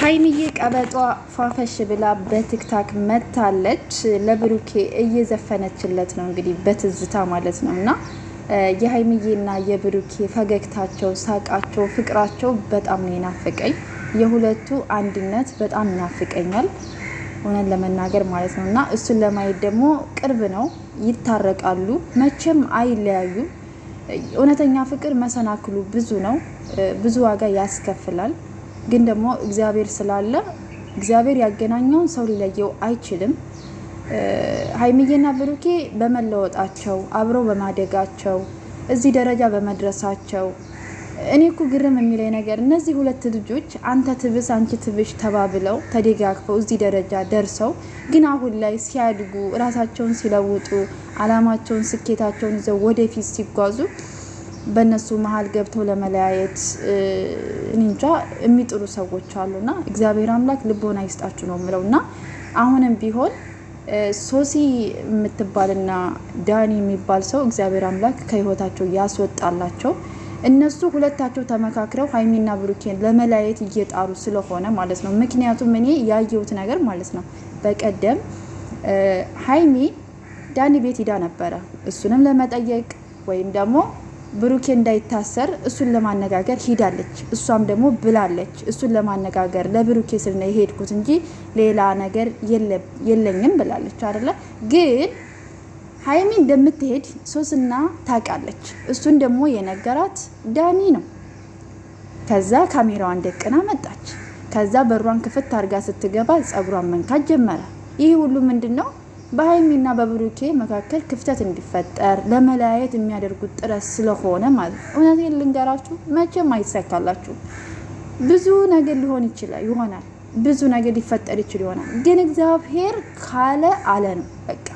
ሀይሚዬ ቀበጧ ፏፈሽ ብላ በቲክታክ መታለች። ለብሩኬ እየዘፈነችለት ነው እንግዲህ በትዝታ ማለት ነው። እና የሀይሚዬና የብሩኬ ፈገግታቸው፣ ሳቃቸው፣ ፍቅራቸው በጣም ነው የናፈቀኝ። የሁለቱ አንድነት በጣም ይናፍቀኛል እውነት ለመናገር ማለት ነው። እና እሱን ለማየት ደግሞ ቅርብ ነው። ይታረቃሉ፣ መቼም አይለያዩም። እውነተኛ ፍቅር መሰናክሉ ብዙ ነው፣ ብዙ ዋጋ ያስከፍላል። ግን ደግሞ እግዚአብሔር ስላለ እግዚአብሔር ያገናኘውን ሰው ሊለየው አይችልም። ሀይሚዬና ብሩኬ በመለወጣቸው አብረው በማደጋቸው እዚህ ደረጃ በመድረሳቸው እኔ እኮ ግርም የሚለኝ ነገር እነዚህ ሁለት ልጆች አንተ ትብስ አንቺ ትብሽ ተባብለው ተደጋግፈው እዚህ ደረጃ ደርሰው ግን አሁን ላይ ሲያድጉ እራሳቸውን ሲለውጡ አላማቸውን ስኬታቸውን ይዘው ወደፊት ሲጓዙ በእነሱ መሀል ገብተው ለመለያየት እንጃ የሚጥሩ ሰዎች አሉና እግዚአብሔር አምላክ ልቦና ይስጣችሁ ነው የምለው። እና አሁንም ቢሆን ሶሲ የምትባልና ዳኒ የሚባል ሰው እግዚአብሔር አምላክ ከህይወታቸው ያስወጣላቸው። እነሱ ሁለታቸው ተመካክረው ሀይሚና ብሩኬን ለመለያየት እየጣሩ ስለሆነ ማለት ነው። ምክንያቱም እኔ ያየሁት ነገር ማለት ነው በቀደም ሀይሚ ዳኒ ቤት ሂዳ ነበረ እሱንም ለመጠየቅ ወይም ደግሞ ብሩኬ እንዳይታሰር እሱን ለማነጋገር ሂዳለች። እሷም ደግሞ ብላለች፣ እሱን ለማነጋገር ለብሩኬ ስል ነው የሄድኩት እንጂ ሌላ ነገር የለኝም ብላለች አይደለ? ግን ሀይሚ እንደምትሄድ ሶስና ታውቃለች። እሱን ደግሞ የነገራት ዳኒ ነው። ከዛ ካሜራዋን ደቅና መጣች። ከዛ በሯን ክፍት አድርጋ ስትገባ ጸጉሯን መንካት ጀመረ። ይህ ሁሉ ምንድን ነው? በሀይሚና በብሩኬ መካከል ክፍተት እንዲፈጠር ለመለያየት የሚያደርጉት ጥረት ስለሆነ ማለት ነው። እውነቴን ልንገራችሁ መቼም አይሳካላችሁ። ብዙ ነገር ሊሆን ይችላል ይሆናል ብዙ ነገር ሊፈጠር ይችል ይሆናል። ግን እግዚአብሔር ካለ አለ ነው። በቃ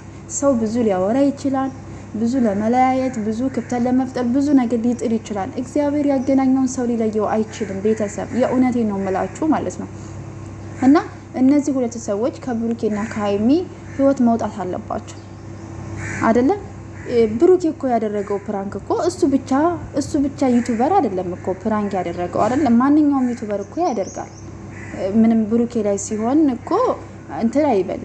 ሰው ብዙ ሊያወራ ይችላል። ብዙ ለመለያየት፣ ብዙ ክፍተት ለመፍጠር ብዙ ነገር ሊጥር ይችላል። እግዚአብሔር ያገናኘውን ሰው ሊለየው አይችልም። ቤተሰብ የእውነቴን ነው የምላችሁ ማለት ነው እና እነዚህ ሁለት ሰዎች ከብሩኬና ከሀይሚ ህይወት መውጣት አለባቸው አይደለም። ብሩክ እኮ ያደረገው ፕራንክ እኮ እሱ ብቻ እሱ ብቻ ዩቱበር አይደለም እኮ ፕራንክ ያደረገው አይደለም። ማንኛውም ዩቱበር እኮ ያደርጋል። ምንም ብሩኬ ላይ ሲሆን እኮ እንትን አይበል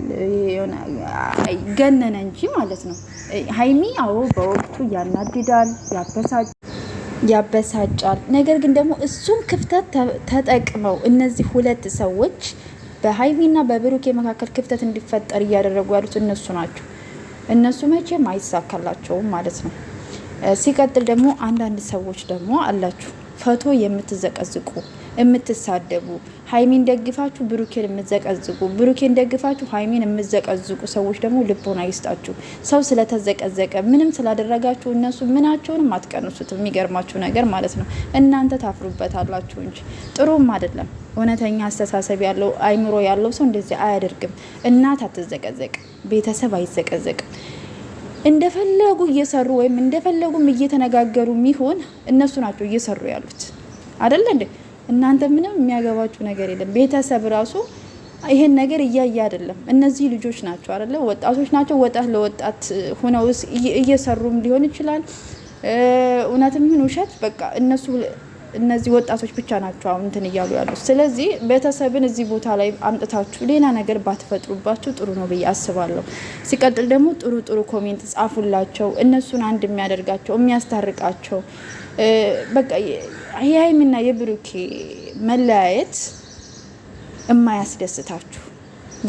ገነነ እንጂ ማለት ነው። ሀይሚ አዎ በወቅቱ ያናድዳል፣ ያበሳጫል። ነገር ግን ደግሞ እሱን ክፍተት ተጠቅመው እነዚህ ሁለት ሰዎች በሀይሚና በብሩኬ መካከል ክፍተት እንዲፈጠር እያደረጉ ያሉት እነሱ ናቸው። እነሱ መቼም አይሳካላቸውም ማለት ነው። ሲቀጥል ደግሞ አንዳንድ ሰዎች ደግሞ አላችሁ ፈቶ የምትዘቀዝቁ የምትሳደቡ ሀይሚን ደግፋችሁ ብሩኬን የምትዘቀዝቁ ብሩኬን ደግፋችሁ ሀይሚን የምትዘቀዝቁ ሰዎች ደግሞ ልቦና ይስጣችሁ። ሰው ስለተዘቀዘቀ ምንም ስላደረጋችሁ እነሱ ምናቸውንም አትቀንሱት። የሚገርማችሁ ነገር ማለት ነው እናንተ ታፍሩበታላችሁ እንጂ ጥሩም አይደለም። እውነተኛ አስተሳሰብ ያለው አይምሮ ያለው ሰው እንደዚህ አያደርግም። እናት አትዘቀዘቅም፣ ቤተሰብ አይዘቀዘቅም። እንደፈለጉ እየሰሩ ወይም እንደፈለጉም እየተነጋገሩ የሚሆን እነሱ ናቸው እየሰሩ ያሉት አደለ እንዴ? እናንተ ምንም የሚያገባችሁ ነገር የለም። ቤተሰብ ራሱ ይሄን ነገር እያየ አይደለም። እነዚህ ልጆች ናቸው አይደለ? ወጣቶች ናቸው። ወጣት ለወጣት ሆነው እየሰሩም ሊሆን ይችላል እውነትም ይሁን ውሸት በቃ እነሱ እነዚህ ወጣቶች ብቻ ናቸው አሁን እንትን እያሉ ያሉት። ስለዚህ ቤተሰብን እዚህ ቦታ ላይ አምጥታችሁ ሌላ ነገር ባትፈጥሩባቸው ጥሩ ነው ብዬ አስባለሁ። ሲቀጥል ደግሞ ጥሩ ጥሩ ኮሜንት ጻፉላቸው። እነሱን አንድ የሚያደርጋቸው የሚያስታርቃቸው በቃ የሀይሚና የብሩኬ መለያየት የማያስደስታችሁ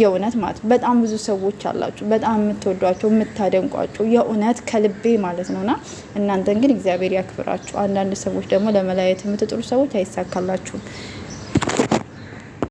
የእውነት ማለት ነው። በጣም ብዙ ሰዎች አላችሁ፣ በጣም የምትወዷቸው የምታደንቋቸው፣ የእውነት ከልቤ ማለት ነውና እናንተን ግን እግዚአብሔር ያክብራችሁ። አንዳንድ ሰዎች ደግሞ ለመለያየት የምትጥሩ ሰዎች አይሳካላችሁም።